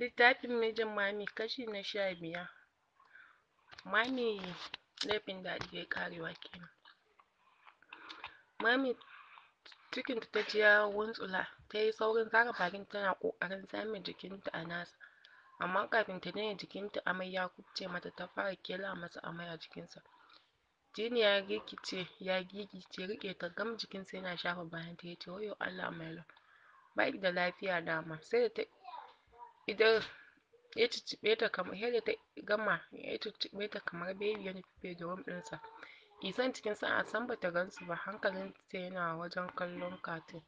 Littafin Mijin Mami kashi na sha biyar Mami laifin da ya karewa, kenan. Mami cikinta ta ji ya wuntsula ta yi saurin zare bakin tana ƙoƙarin jikin jikinta a nasa. Amma kafin ta daina jikinta amai ya kubce mata ta fara ƙyala masa amai a jikinsa. Jini ya rikice ya gigice riƙe ta gam jikin jikinsa yana shafa bayanta ya ce wayyo Allah mai lord ba ki da lafiya dama sai da ta idan ya cicciɓe ta kamar yadda ta gama ya cicciɓe ta kamar bebi ya nufi bedroom ɗinsa isan cikin sa'a san bata gansu ba ta yana wajen kallon katin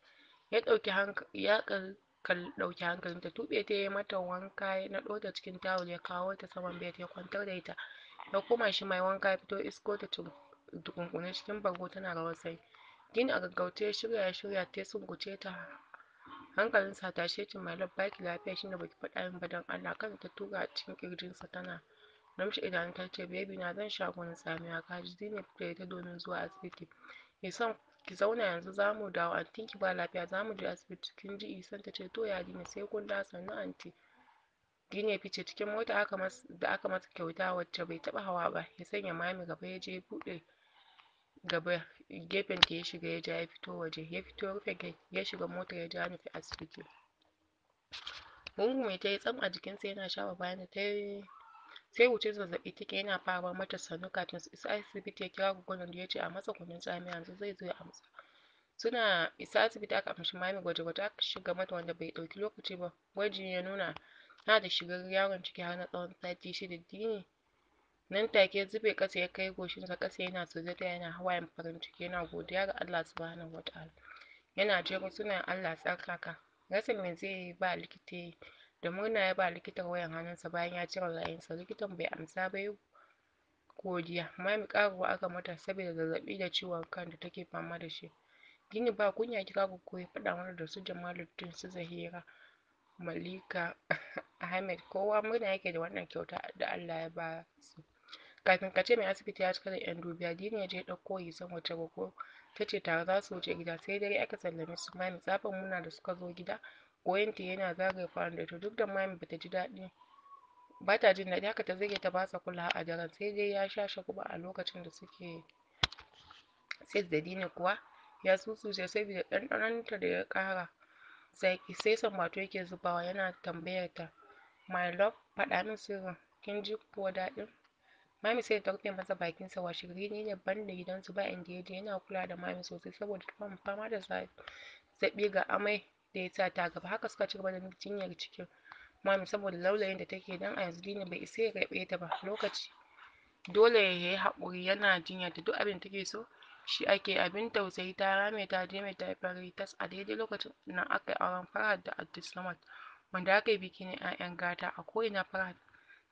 ya ɗauki ya ɗauki ta tuɓe ta ya mata wanka ya naɗo cikin tawul ya kawo ta saman bed ya kwantar da ita ya koma shi mai wanka ya fito isko ta tukunkune cikin bargo tana rawar sai gini a gaggauce ya shirya ya shirya ta sunkuce ta hankalinsa a tashe ce malam ba baki lafiya shi ne shine baki faɗa min ba don Allah kada ta tura a cikin ƙirjinsa tana namshi idanun ta ce baby na zan sha gurin tsamiya ka ji zai ne fita ta domin zuwa asibiti isan ki zauna yanzu za mu dawo antin ki ba lafiya za mu je asibiti kin ji isan ta ce to ya dina sai kun da sannu anti gine fice cikin mota da aka masa kyauta wacce bai taɓa hawa ba ya sanya mami gaba ya je buɗe gaba gefenta ya shiga ya ja ya fito waje ya fito rufe ya shiga motar ya ja nufi asibiti rungume ta yi tsam a jikinsa yana shafa bayan ta sai wuce zazzaɓi take yana fara mata sannu kafin su isa asibiti ya kira gwagwanin da ya ce a masa kunun tsami yanzu zai zo ya amsa suna isa asibiti aka amshi mami gwaje-gwaje aka shiga mata wanda bai ɗauki lokaci ba gwajin ya nuna na da shigar yaron ciki har na tsawon sati shida dini nan take zube ƙasa ya kai goshinsa ƙasa yana sujada yana hawa farin ciki yana godiya ga Allah subhanahu ta'ala yana jero sunan Allah tsarkaka rasin me zai yi ba likita yi da murna ya ba likitan wayan hannunsa bayan ya cire sa likitan bai amsa ba ya godiya mami ƙaruwa aka mata saboda zazzaɓi da ciwon kan da take fama da shi gini ba kunya kira ku ya faɗa mana da su jamaluddin su zahira malika ahmed kowa murna yake da wannan kyauta da allah ya ba su kafin ka ce mai asibiti ya cika da yan dubiya dini ya je ɗauko san wace ko ta ce tare za su wuce gida sai dare aka sallame su mami tsafin muna da suka zo gida goyonta yana zagaye farin da ita duk da mami ta ji daɗi ba ta jin daɗi haka ta zage ta basa kula a daren sai dai ya sha shakuba a lokacin da suke sai da dini kuwa ya tsutsuce saboda ɗanɗanonta da ya ƙara zaƙi sai sambato yake zubawa yana tambayar ta my love faɗa min sirrin kin ji kuwa daɗin Mami sai ta rufe masa bakinsa washe gari ne ya banda gidansu ba inda ya yana kula da Mami sosai saboda ta fama fama da zaɓe ga amai da ya sa ta gaba haka suka ci gaba da jinyar cikin Mami saboda laulayin da take dan a yanzu Dina bai isa ya karɓe ta ba lokaci dole ya yi haƙuri yana jinyar da duk abin da take so shi ake abin tausayi ta rame ta je mai taifari tas a daidai lokacin nan aka yi auren Farhat da Abdulsamad wanda aka yi biki ne 'ya'yan gata a ko'ina Farhat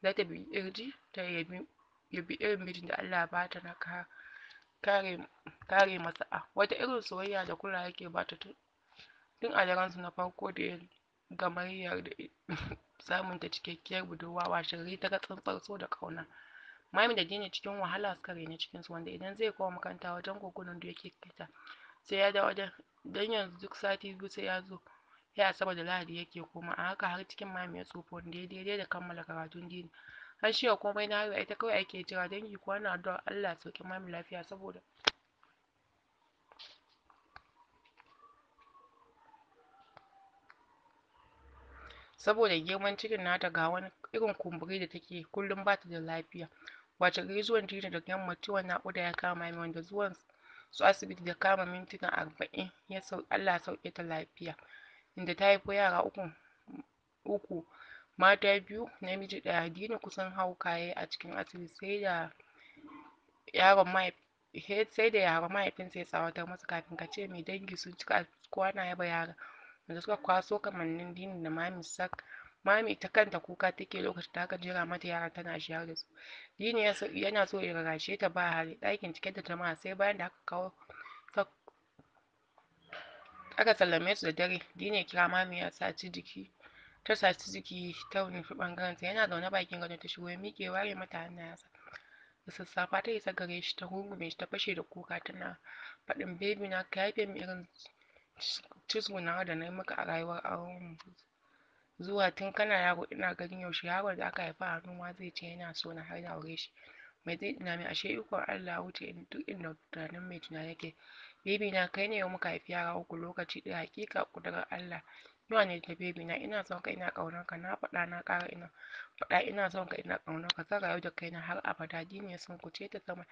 za ta bi kirji ta yabi bi irin mijin da Allah ya ta na kare kare masa a wata irin soyayya da kula yake bata tun tun a daren su na farko da ya gamayyar da samun ta cikakkiyar budurwa wa gari ta ga tsantsar so da kauna Mami da Dina cikin wahala suka rene cikin su wanda idan zai koma makanta wajen kogunan da yake kita sai ya dawo wajen dan yanzu duk sati biyu sai ya zo ya saba da Lahadi yake koma a haka har cikin mami ya tsofo ya daidai da kammala karatun dini har shi komai na Allah ita kawai ake jira dangi kuwa na addu'ar Allah ya sauke mami lafiya saboda saboda girman cikin nata ga wani irin kumburi da take kullum bata da lafiya wace gari zuwan jini daga yamma ciwon naƙuda ya kama mai wanda zuwan su asibiti da kama mintuna arba'in ya Allah ya sauke ta lafiya inda ta haifo yara uku uku mata biyu namiji ɗaya Dina kusan hauka kaye a cikin asibiti sai da yaron sai da yaron ya tsawatar masa kafin ka ce mai dangi sun cika kowa na yaba yaron wanda suka kwaso kamannin dini da Mami Sak Mami ita kanta kuka take lokacin da aka jera mata yara tana shayar da su. Dini yana so ya rarashe ta ba hali ɗakin cike da jama'a sai bayan da aka kawo aka sallame su da dare. Dini ya kira Mami ya saci jiki ta saci jiki ta nufi ɓangarensa yana zaune bakin gado ta shigo ya miƙe ware mata hannayensa da sassafa ta isa gare shi ta hungume shi ta fashe da kuka tana faɗin bebi na ka yafe min irin cizgunawa da na yi maka a rayuwar aurenmu zuwa tun kana yaro ina ganin yaushe yaron da aka haifa a noma zai ce yana so na har na aure shi mai zai tunani ashe ikon Allah wuce in duk inda tunanin mai tunani yake bebi na kai ne muka haifi yara uku lokaci ɗaya hakika ƙudurar Allah Yawa ne ta baby na ina son ka ina ƙaunar ka na faɗa na ƙara ina faɗa ina son ka ina ƙaunar ka zan rayu da kaina har abada dini ya sunkuce ta sama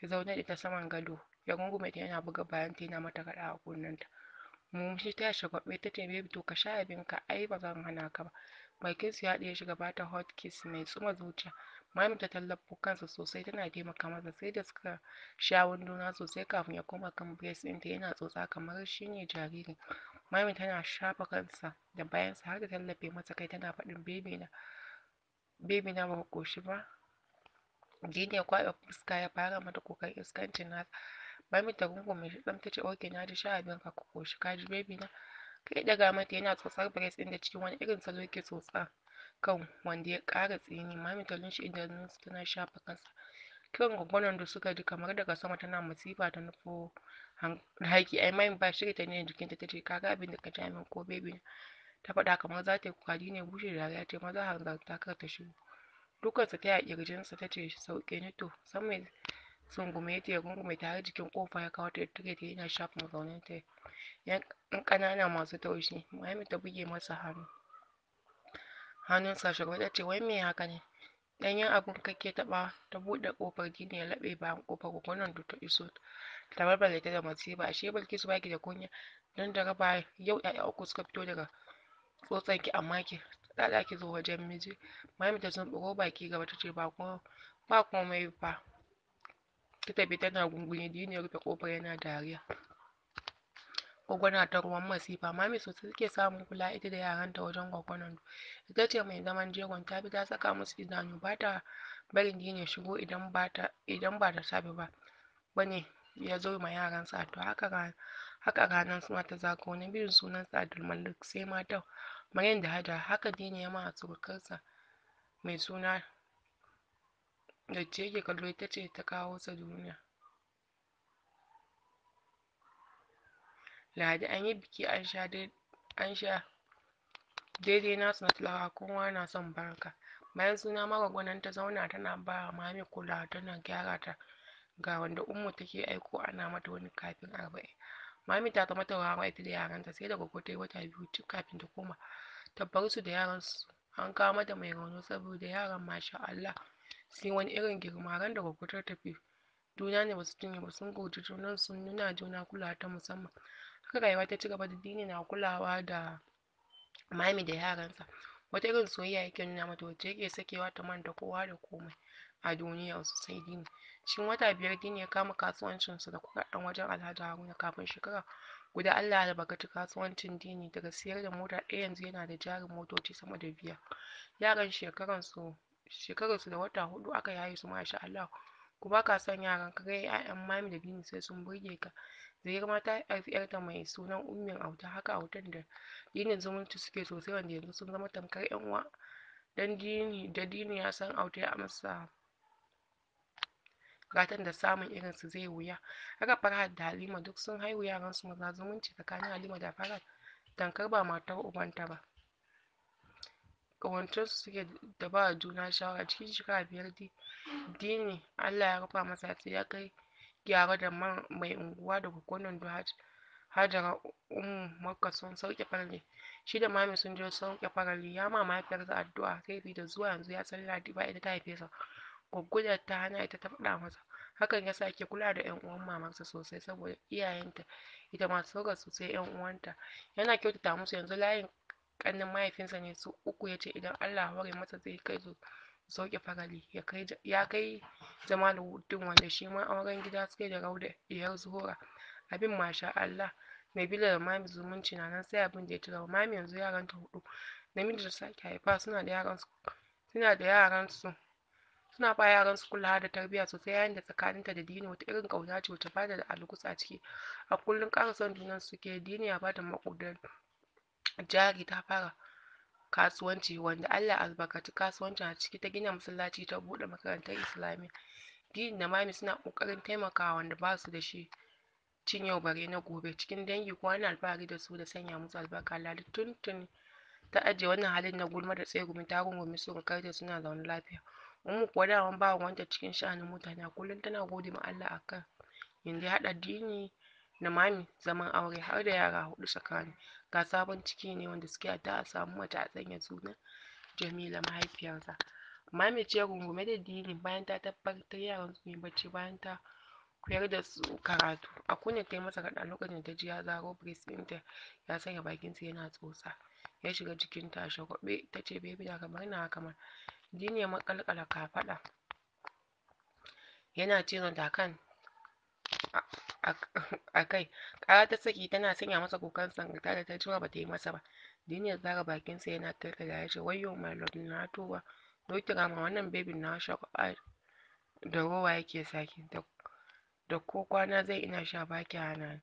ya zauna da ita saman gado ya gungume ta yana buga bayan ta yana mata kaɗa a kunnenta. Mumshi ta shagwaɓe ta ce baby to ka sha abin ka ai ba zan hana ka ba. Bakin su ya ɗaya shiga ba hot kiss mai tsuma zuciya. mamin ta tallafo kansa sosai tana taimaka masa sai da suka sha wanduna sosai kafin ya koma kan breast ɗinta yana tsotsa kamar shine ne jaririn. mamin tana shafa kansa da bayansa har da tallafe masa kai tana faɗin bebina na na ba koshi ba. Jini ya kwaɗa fuska ya fara mata kukan iskancin nasa. mamin ta rungume shi tsamta ce oke na ji sha abin ka ka koshi ka ji Kai daga mata yana tsotsar bres ɗin da cikin wani irin salo yake tsotsa kan wanda ya ƙara tsini. mamin ta lunshi idanunsa tana shafa kansa. Kiran gwangwanon da suka ji kamar daga sama tana masifa ta nufo haki ai mai ba shi ta ne jikinta ta ce kaga abin da ka ja min ko bebi ta faɗa kamar za ta yi kuka ne bushe da dariya ce maza ta kar ta shiru. dukansa ta yaƙi kirjinsa ta ce sauke ni to san mai gume ta ya gungume ta har jikin kofa ya kawo ta tare ta yana shafa mazaunin ta ya yan ƙanana masu taushi Muhammad ta buge masa hannu Hannun sa shagwai ta ce wai me haka ne ɗanyen abun kake taɓa ta buɗe ƙofar gini ya laɓe bayan ƙofar gwagwanon da ta iso ta barbarta da masifa ashe Bilkisu baki da kunya don da raba yau yaya uku suka fito daga tsotsan ki amma ki tsada ki zo wajen miji mami ta zumburo baki gaba tace ba ko ba komai ba ta tafi tana gunguni dini ya rufe kofar yana dariya gwagwana ta ruwan masifa mami sosai suke samun kula ita da yaran ta wajen gwagwanan ita ce mai zaman jegon ta fi ta saka musu idanu ba ta barin dini shigo idan ba ta idan ba ta safe ba bane ya zo ma yaransa to haka haka ranar suna ta bin na sa sunansa Malik sai mata maryam da Hajar haka dini ya ma surukarsa mai suna da ce yake kallo ita ce ta kawo sa duniya lahadi an yi biki an sha an sha daidai nasu na tulawa kowa na son barka bayan suna magwagwanan ta zauna tana ba mami kula tana gyara ta ga wanda ummu take aiko ana mata wani kafin arba'in mami ta zama tauraron ita da yaranta sai da gogo ta yi wata biyu tun kafin ta koma tabbar su da yaran su an kawo mata mai rauni saboda yaran masha Allah sai wani irin girma ran da gogo ta tafi juna ne basu cinye ba sun goji junan sun nuna juna kulawa ta musamman haka rayuwa ta ci gaba da dini na kulawa da mami da yaransa wata irin soyayya yake nuna mata wacce yake sakewa ta manta kowa da komai a duniya sosai dini Cikin wata biyar Dini ya kama kasuwancinsa da kuɗaɗen wajen Alhaji Haruna kafin shekara guda Allah ya albarkaci kasuwancin Dini daga siyar da mota ɗaya yanzu yana da jarin motoci sama da biyar. Yaran shekaransu shekararsu da wata hudu aka yaye su masha Allah ku ba ka son yaran ka ga 'ya'yan mami da Dini sai sun burge ka. Zahir ma ta haifi 'yarta mai sunan Ummin Auta haka Autan da Dinin zumunci suke sosai wanda yanzu sun zama tamkar 'yan uwa. Dan Dini da Dini ya san Auta ya amsa gatan da samun irinsu zai wuya haka Farhat da Halima duk sun haihu yaran su maza zumunci tsakanin Halima da Farhat tankar ba matar ubanta ba su suke da ba juna shawara cikin shekara biyar dini Allah ya rufa masa ta ya kai gyara da mai unguwa da gwagwanin da hajjara Ummu Makka sun sauke farali shi da mami sun je sauke farali ya ma mahaifiyarsa addu'a sai bi da zuwa yanzu ya san Ladi ba ita ta haife sa gwaggwajar ta hana ita ta faɗa masa hakan ya sa ake kula da 'yan uwan mamarsa sosai saboda iyayenta ita ma sauka sosai 'yan uwanta yana kyautata musu yanzu layin ƙannin mahaifinsa ne su uku ya ce idan Allah ya hore masa zai kai su sauke farali ya kai Jamaluddin wanda shi ma auren gida suke da Rauda iyar Zuhura abin masha Allah mai da mami zumunci na nan sai abin da ya ci gaba mami yanzu yaranta hudu namiji da sake haifa suna da yaran suna da yaran suna ba yaran su kulawa da tarbiyya sosai yayin da tsakaninta da dini wata irin kauna ce wacce ba da algus a ciki a kullum ƙara son junan suke dini ya bada makudan jari ta fara kasuwanci wanda Allah albarkaci kasuwancin a ciki ta gina masallaci ta buɗe makarantar islamiyya dini da mami suna ƙoƙarin taimakawa wanda ba su da shi cin yau bare na gobe cikin dangi kuwa ana alfahari da su da sanya musu albarka ladi ta ajiye wannan halin na gulma da tsegumi ta rungumi surukar da suna zaune lafiya Ummu kuwa daman ba wanta cikin sha'anin mutane a kullum tana gode ma Allah kan. Yanzu ya haɗa addini da mami zaman aure har da yara huɗu tsakani ga sabon ciki ne wanda suke ta a samu mace a sanya suna Jamila mahaifiyarsa mami ce rungume da addini bayan ta tabbatar yaran su ne bacci bayan ta koyar da su karatu a kunne ta yi masa raɗa lokacin da ta ji ya zaro breast ɗinta ya sanya bakinsa yana tsotsa ya shiga jikinta a shagwaɓe ta ce baby da kamar na kamar gini maƙalƙala kafaɗa yana cizon ta kan a kai ƙara ta saki tana sanya masa kukan sangarta da ta jima bata yi masa ba diniyar zara bakinsa yana kirkira ya ce wayyo my lord na tuba no kirama wannan babin na sha da rowa yake saki da ko kwana zai ina sha baki hana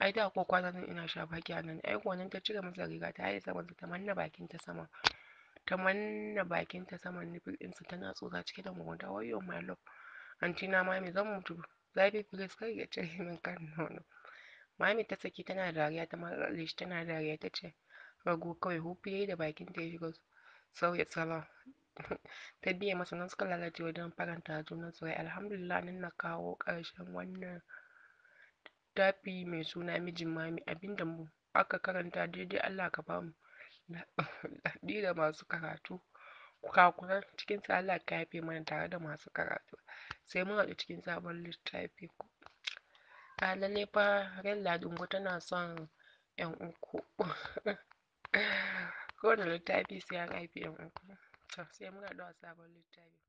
ai da ko kwana zai ina sha baki hana ai gonan ta cire masa riga ta haye samansa ta manna bakin ta sama ta manna bakinta saman nufin ɗinsa tana tsoka cike da mugunta wayo my love anti na mami zan mutu zafi please kai ya ce min kan nono mami ta saki tana dariya ta matsale shi tana dariya ta ce rago kawai hufi yayi da bakinta ya shiga sauya salon ta biya masa nan suka lalace wajen faranta junan su alhamdulillah nan na kawo ƙarshen wannan tafi mai suna mijin mami abinda mu aka karanta daidai Allah ka bamu ni da masu karatu kurakuran sa Allah ka yafe mana tare da masu karatu sai mun haɗu cikin sabon littafi ta lalle fa ran ladungo tana son yan uku da littafi sai ya haifi yan uku to sai mun haɗu a sabon littafi